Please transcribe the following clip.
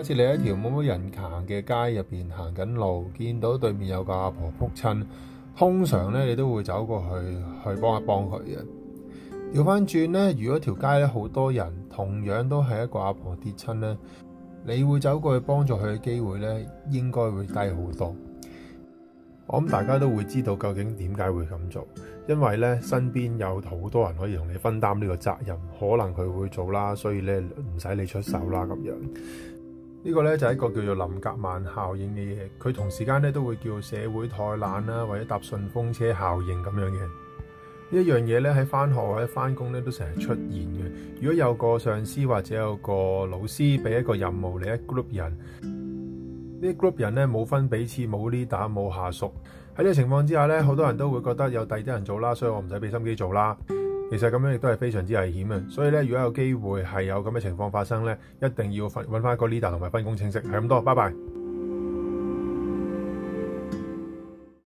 好似你喺條冇乜人行嘅街入邊行緊路，見到對面有個阿婆仆親，通常咧你都會走過去去幫一幫佢嘅。調翻轉咧，如果條街咧好多人，同樣都係一個阿婆跌親咧，你會走過去幫助佢嘅機會咧，應該會低好多。我諗大家都會知道究竟點解會咁做，因為咧身邊有好多人可以同你分擔呢個責任，可能佢會做啦，所以咧唔使你出手啦，咁樣。呢個呢，就係一個叫做林格曼效應嘅嘢，佢同時間呢，都會叫社會怠懶啦，或者搭順風車效應咁樣嘅。呢一樣嘢呢，喺翻學或者翻工呢，都成日出現嘅。如果有個上司或者有個老師俾一個任務你一 group 人，呢一 group 人呢，冇分彼此，冇 leader，冇下屬。喺呢個情況之下呢，好多人都會覺得有第二啲人做啦，所以我唔使俾心機做啦。其實咁樣亦都係非常之危險啊！所以呢，如果有機會係有咁嘅情況發生呢，一定要揾返一個 leader 同埋分工清晰。係咁多，拜拜。